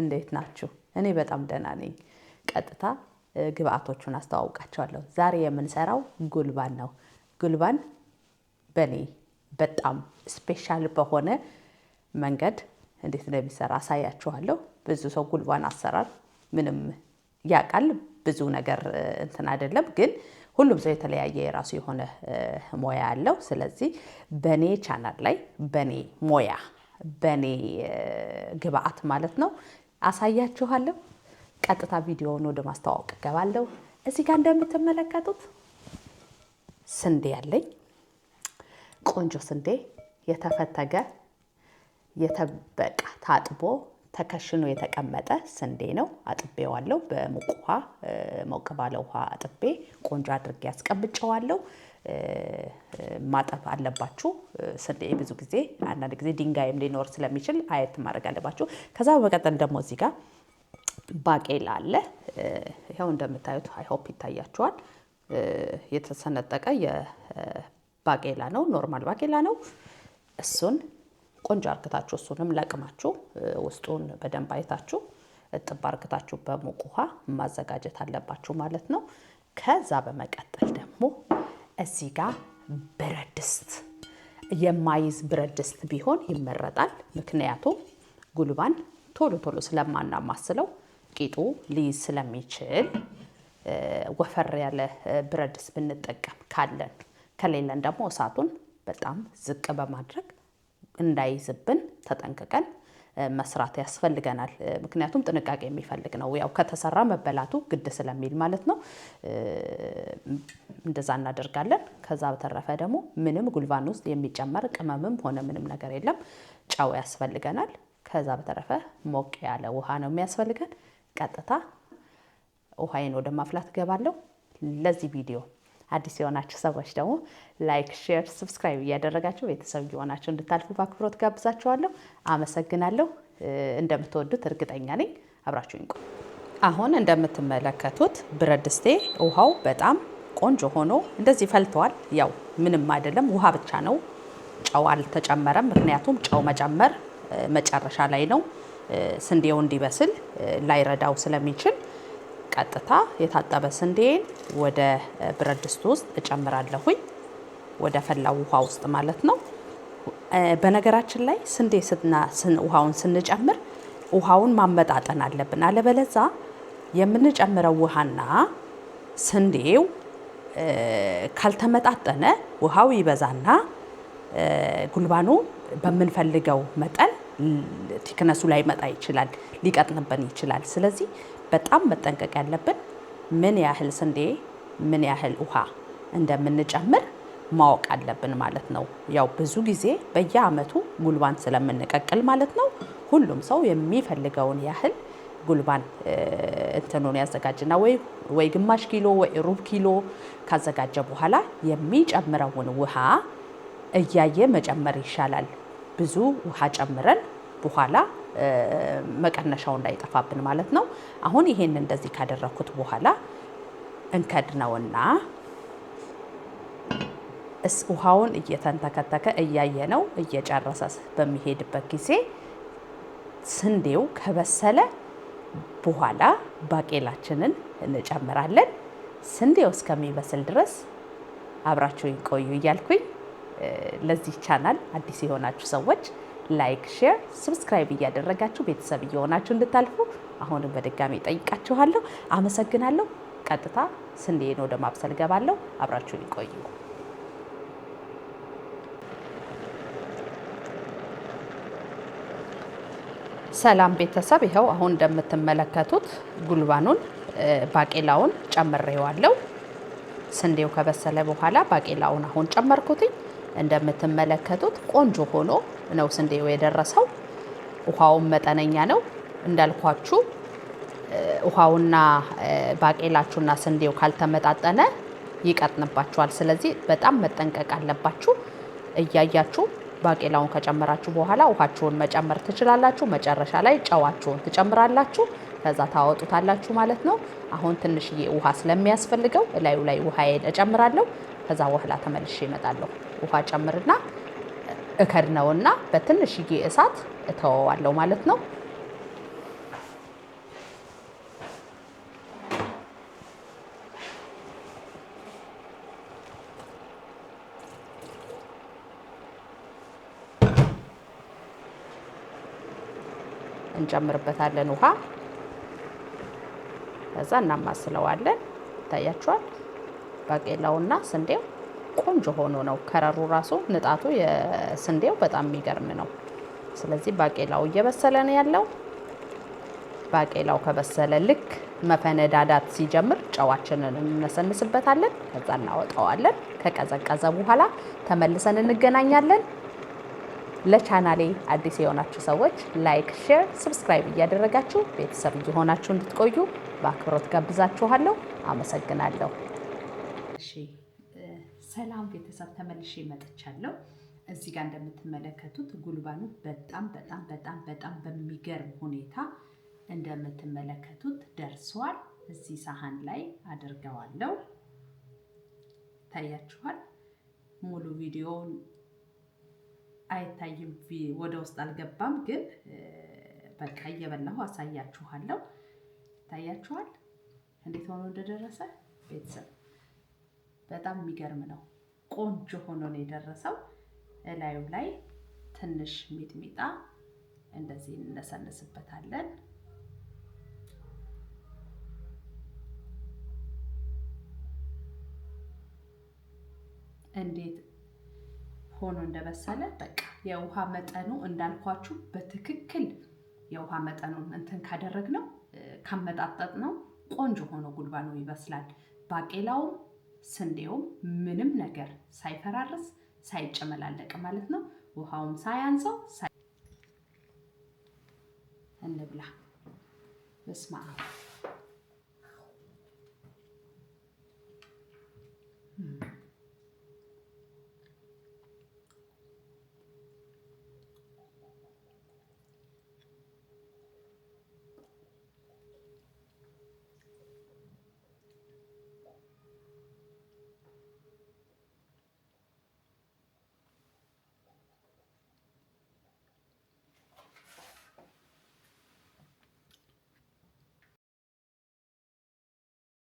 እንዴት ናችሁ? እኔ በጣም ደህና ነኝ። ቀጥታ ግብአቶቹን አስተዋውቃቸዋለሁ። ዛሬ የምንሰራው ጉልባን ነው። ጉልባን በኔ በጣም ስፔሻል በሆነ መንገድ እንዴት እንደሚሰራ አሳያችኋለሁ። ብዙ ሰው ጉልባን አሰራር ምንም ያውቃል፣ ብዙ ነገር እንትን አይደለም። ግን ሁሉም ሰው የተለያየ የራሱ የሆነ ሞያ አለው። ስለዚህ በኔ ቻናል ላይ በኔ ሞያ በኔ ግብአት ማለት ነው አሳያችኋለሁ። ቀጥታ ቪዲዮውን ወደ ማስተዋወቅ እገባለሁ። እዚህ ጋር እንደምትመለከቱት ስንዴ ያለኝ ቆንጆ ስንዴ የተፈተገ የተበቃ ታጥቦ ተከሽኖ የተቀመጠ ስንዴ ነው። አጥቤዋለሁ በሙቅ ውሃ ሞቅ ባለ ውሃ አጥቤ ቆንጆ አድርጌ ያስቀምጨዋለው። ማጠብ አለባችሁ። ስንዴ ብዙ ጊዜ አንዳንድ ጊዜ ድንጋይም ሊኖር ስለሚችል አየት ማድረግ አለባችሁ። ከዛ በመቀጠል ደግሞ እዚህ ጋር ባቄላ አለ። ይኸው እንደምታዩት አይሆፕ ይታያችኋል። የተሰነጠቀ የባቄላ ነው፣ ኖርማል ባቄላ ነው። እሱን ቆንጆ አርግታችሁ እሱንም ለቅማችሁ ውስጡን በደንብ አይታችሁ እጥብ አርግታችሁ በሙቅ ውሃ ማዘጋጀት አለባችሁ ማለት ነው። ከዛ በመቀጠል ደግሞ እዚህ ጋር ብረት ድስት የማይዝ ብረት ድስት ቢሆን ይመረጣል። ምክንያቱም ጉልባን ቶሎ ቶሎ ስለማናማስለው ቂጡ ሊይዝ ስለሚችል ወፈር ያለ ብረት ድስት ብንጠቀም ካለን፣ ከሌለን ደግሞ እሳቱን በጣም ዝቅ በማድረግ እንዳይዝብን ተጠንቅቀን መስራት ያስፈልገናል። ምክንያቱም ጥንቃቄ የሚፈልግ ነው። ያው ከተሰራ መበላቱ ግድ ስለሚል ማለት ነው። እንደዛ እናደርጋለን። ከዛ በተረፈ ደግሞ ምንም ጉልባን ውስጥ የሚጨመር ቅመምም ሆነ ምንም ነገር የለም። ጨው ያስፈልገናል። ከዛ በተረፈ ሞቅ ያለ ውሃ ነው የሚያስፈልገን። ቀጥታ ውሃዬን ወደ ማፍላት ገባለሁ። ለዚህ ቪዲዮ አዲስ የሆናችሁ ሰዎች ደግሞ ላይክ፣ ሼር፣ ሰብስክራይብ እያደረጋችሁ ቤተሰብ እየሆናችሁ እንድታልፉ በአክብሮት ጋብዛችኋለሁ። አመሰግናለሁ። እንደምትወዱት እርግጠኛ ነኝ። አብራችሁ ይንቁ። አሁን እንደምትመለከቱት ብረት ድስቴ ውሃው በጣም ቆንጆ ሆኖ እንደዚህ ፈልተዋል። ያው ምንም አይደለም፣ ውሃ ብቻ ነው። ጨው አልተጨመረም። ምክንያቱም ጨው መጨመር መጨረሻ ላይ ነው፣ ስንዴው እንዲበስል ላይረዳው ስለሚችል ቀጥታ የታጠበ ስንዴን ወደ ብረት ድስት ውስጥ እጨምራለሁኝ፣ ወደ ፈላ ውሃ ውስጥ ማለት ነው። በነገራችን ላይ ስንዴ ውሃውን ስንጨምር ውሃውን ማመጣጠን አለብን። አለበለዛ የምንጨምረው ውሃና ስንዴው ካልተመጣጠነ ውሃው ይበዛና ጉልባኑ በምንፈልገው መጠን ቲክነሱ ላይ መጣ ይችላል፣ ሊቀጥንብን ይችላል። ስለዚህ በጣም መጠንቀቅ ያለብን ምን ያህል ስንዴ፣ ምን ያህል ውሃ እንደምንጨምር ማወቅ አለብን ማለት ነው። ያው ብዙ ጊዜ በየአመቱ ጉልባን ስለምንቀቅል ማለት ነው ሁሉም ሰው የሚፈልገውን ያህል ጉልባን እንትኑን ያዘጋጅና ወይ ወይ ግማሽ ኪሎ ወይ ሩብ ኪሎ ካዘጋጀ በኋላ የሚጨምረውን ውሃ እያየ መጨመር ይሻላል። ብዙ ውሃ ጨምረን በኋላ መቀነሻው እንዳይጠፋብን ማለት ነው። አሁን ይሄን እንደዚህ ካደረኩት በኋላ እንከድነውና እስ ውሃውን እየተንተከተከ እያየ ነው እየጨረሰ በሚሄድበት ጊዜ ስንዴው ከበሰለ በኋላ ባቄላችንን እንጨምራለን። ስንዴው እስከሚበስል ድረስ አብራችሁ ይቆዩ እያልኩኝ ለዚህ ቻናል አዲስ የሆናችሁ ሰዎች ላይክ፣ ሼር፣ ሰብስክራይብ እያደረጋችሁ ቤተሰብ እየሆናችሁ እንድታልፉ አሁንም በድጋሚ ጠይቃችኋለሁ። አመሰግናለሁ። ቀጥታ ስንዴን ወደ ማብሰል ገባለሁ። አብራችሁን ይቆዩ። ሰላም ቤተሰብ፣ ይኸው አሁን እንደምትመለከቱት ጉልባኑን ባቄላውን ጨምሬዋለሁ። ስንዴው ከበሰለ በኋላ ባቄላውን አሁን ጨመርኩትኝ። እንደምትመለከቱት ቆንጆ ሆኖ ነው ስንዴው የደረሰው። ውሃውም መጠነኛ ነው እንዳልኳችሁ። ውሃውና ባቄላችሁና ስንዴው ካልተመጣጠነ ይቀጥንባችኋል። ስለዚህ በጣም መጠንቀቅ አለባችሁ። እያያችሁ ባቄላውን ከጨመራችሁ በኋላ ውሃችሁን መጨመር ትችላላችሁ። መጨረሻ ላይ ጨዋችሁን ትጨምራላችሁ። ከዛ ታወጡታላችሁ ማለት ነው። አሁን ትንሽዬ ውሃ ስለሚያስፈልገው እላዩ ላይ ውሃ እጨምራለሁ። ከዛ በኋላ ተመልሼ እመጣለሁ። ውሃ ጨምርና እከድነውና በትንሽዬ እሳት እተወዋለሁ ማለት ነው። እንጨምርበታለን ውሃ። ከዛ እናማስለዋለን። ይታያችኋል ባቄላውና ስንዴው ቆንጆ ሆኖ ነው ከረሩ ራሱ ንጣቱ የስንዴው በጣም የሚገርም ነው። ስለዚህ ባቄላው እየበሰለ ነው ያለው። ባቄላው ከበሰለ ልክ መፈነዳዳት ሲጀምር ጨዋችንን እንነሰንስበታለን። ከዛ እናወጣዋለን። ከቀዘቀዘ በኋላ ተመልሰን እንገናኛለን። ለቻናሌ አዲስ የሆናችሁ ሰዎች ላይክ፣ ሼር፣ ሰብስክራይብ እያደረጋችሁ ቤተሰብ እየሆናችሁ እንድትቆዩ በአክብሮት ጋብዛችኋለሁ። አመሰግናለሁ። እሺ ሰላም ቤተሰብ ተመልሼ መጥቻለሁ። እዚህ ጋር እንደምትመለከቱት ጉልባኑ በጣም በጣም በጣም በጣም በሚገርም ሁኔታ እንደምትመለከቱት ደርሷል። እዚህ ሳህን ላይ አድርገዋለሁ። ይታያችኋል። ሙሉ ቪዲዮውን አይታይም፣ ወደ ውስጥ አልገባም፣ ግን በቃ እየበላሁ አሳያችኋለሁ። ይታያችኋል እንዴት ሆኖ እንደደረሰ ቤተሰብ በጣም የሚገርም ነው። ቆንጆ ሆኖ ነው የደረሰው። እላዩ ላይ ትንሽ ሚጥሚጣ እንደዚህ እንነሰንስበታለን። እንዴት ሆኖ እንደበሰለ በቃ የውሃ መጠኑ እንዳልኳችሁ በትክክል የውሃ መጠኑን እንትን ካደረግ ነው ካመጣጠጥ ነው ቆንጆ ሆኖ ጉልባ ነው ይበስላል። ባቄላውም ስንዴውም ምንም ነገር ሳይፈራርስ ሳይጨመላለቅ ማለት ነው። ውሃውም ሳያንሰው እንብላ። በስመ አብ